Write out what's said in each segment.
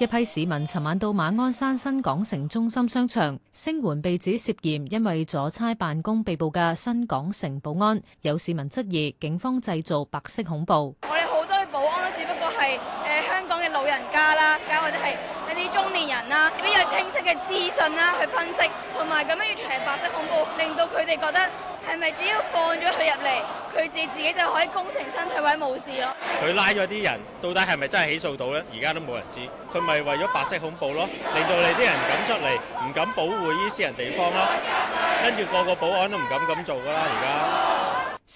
一批市民尋晚到馬鞍山新港城中心商場，聲援被指涉嫌因為阻差辦公被捕嘅新港城保安，有市民質疑警方製造白色恐怖。香港嘅老人家啦，或者係一啲中年人啦，邊有清晰嘅資訊啦去分析，同埋咁樣完全係白色恐怖，令到佢哋覺得係咪只要放咗佢入嚟，佢哋自己就可以功成身退，揾冇事咯？佢拉咗啲人，到底係咪真係起訴到咧？而家都冇人知，佢咪為咗白色恐怖咯，令到你啲人唔敢出嚟，唔敢保護依私人地方啦。跟住個個保安都唔敢咁做噶啦，而家。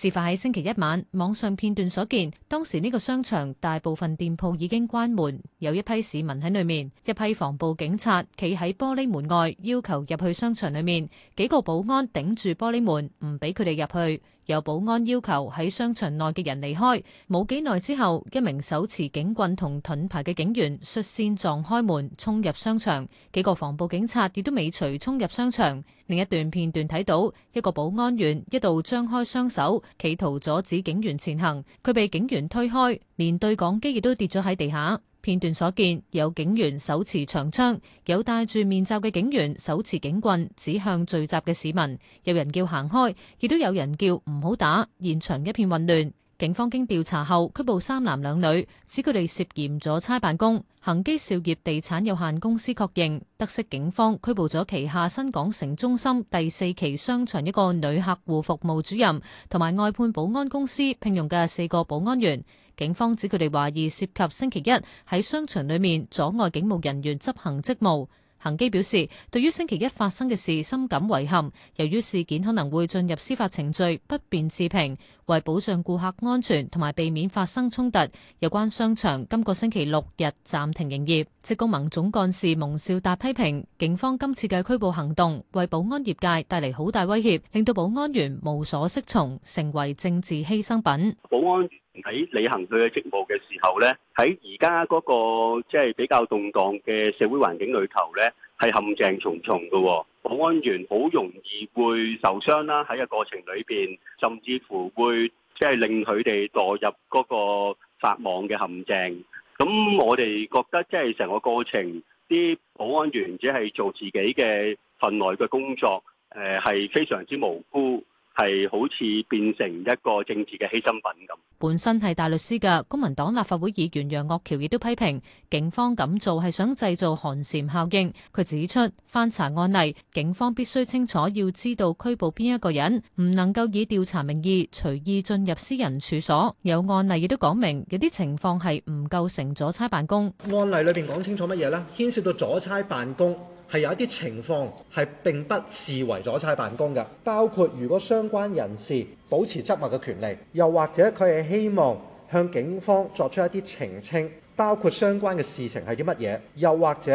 事發喺星期一晚，網上片段所見，當時呢個商場大部分店鋪已經關門，有一批市民喺裏面，一批防暴警察企喺玻璃門外，要求入去商場裏面，幾個保安頂住玻璃門，唔俾佢哋入去。有保安要求喺商場內嘅人離開，冇幾耐之後，一名手持警棍同盾牌嘅警員率先撞開門衝入商場，幾個防暴警察亦都尾隨衝入商場。另一段片段睇到一個保安員一度張開雙手，企圖阻止警員前行，佢被警員推開，連對講機亦都跌咗喺地下。片段所見，有警員手持長槍，有戴住面罩嘅警員手持警棍指向聚集嘅市民，有人叫行開，亦都有人叫唔好打，現場一片混亂。警方經調查後拘捕三男兩女，指佢哋涉嫌阻差辦公。恒基兆業地產有限公司確認得悉警方拘捕咗旗下新港城中心第四期商場一個女客戶服務主任，同埋外判保安公司聘用嘅四個保安員。警方指佢哋懷疑涉，涉及星期一喺商場裏面阻礙警務人員執行職務。恆基表示，對於星期一發生嘅事深感遺憾。由於事件可能會進入司法程序，不便置評。為保障顧客安全同埋避免發生衝突，有關商場今個星期六日暫停營業。職工盟總幹事蒙兆達批評警方今次嘅拘捕行動為保安業界帶嚟好大威脅，令到保安員無所適從，成為政治犧牲品。保安。喺履行佢嘅職務嘅時候呢，喺而家嗰個即係比較動盪嘅社會環境裏頭呢，係陷阱重重嘅。保安員好容易會受傷啦，喺個過程裏邊，甚至乎會即係令佢哋墮入嗰個法網嘅陷阱。咁我哋覺得即係成個過程，啲保安員只係做自己嘅份內嘅工作，誒係非常之無辜。係好似變成一個政治嘅犧牲品咁。本身係大律師嘅公民黨立法會議員楊岳橋亦都批評警方咁做係想製造寒蟬效應，佢指出翻查案例，警方必須清楚要知道拘捕邊一個人，唔能夠以調查名義隨意進入私人處所。有案例亦都講明有啲情況係唔構成阻差辦公。案例裏邊講清楚乜嘢呢？牽涉到阻差辦公，係有一啲情況係並不視為阻差辦公嘅，包括如果相關人士保持執物嘅權利，又或者佢係希望向警方作出一啲澄清，包括相關嘅事情係啲乜嘢，又或者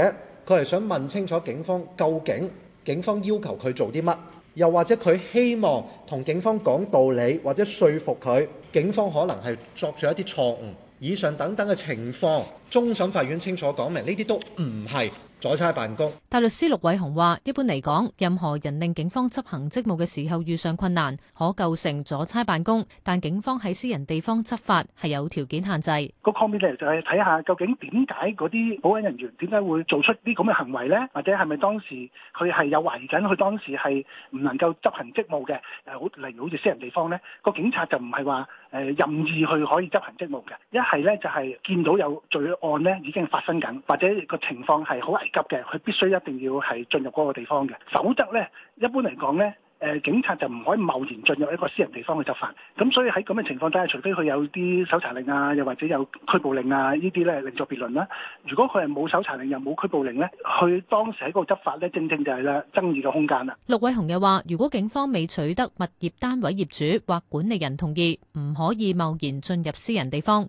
佢係想問清楚警方究竟警方要求佢做啲乜，又或者佢希望同警方講道理或者說服佢，警方可能係作出一啲錯誤，以上等等嘅情況，終審法院清楚講明呢啲都唔係。阻差辦公，大律師陸偉雄話，一般嚟講，任何人令警方執行職務嘅時候遇上困難，可構成阻差辦公。但警方喺私人地方執法係有條件限制。個 condition 就係睇下究竟點解嗰啲保安人員點解會做出啲咁嘅行為呢？或者係咪當時佢係有懷疑緊佢當時係唔能夠執行職務嘅？誒，例如好似私人地方呢？個警察就唔係話誒任意去可以執行職務嘅。一係呢，就係見到有罪案呢已經發生緊，或者個情況係好急嘅，佢必須一定要係進入嗰個地方嘅。否則呢，一般嚟講呢，誒警察就唔可以貿然進入一個私人地方去執法。咁所以喺咁嘅情況底下，除非佢有啲搜查令啊，又或者有拘捕令啊，呢啲咧另作別論啦。如果佢係冇搜查令又冇拘捕令呢，佢當時喺嗰個執法呢，正正就係咧爭議嘅空間啦。陸偉雄又話，如果警方未取得物業單位業主或管理人同意，唔可以貿然進入私人地方。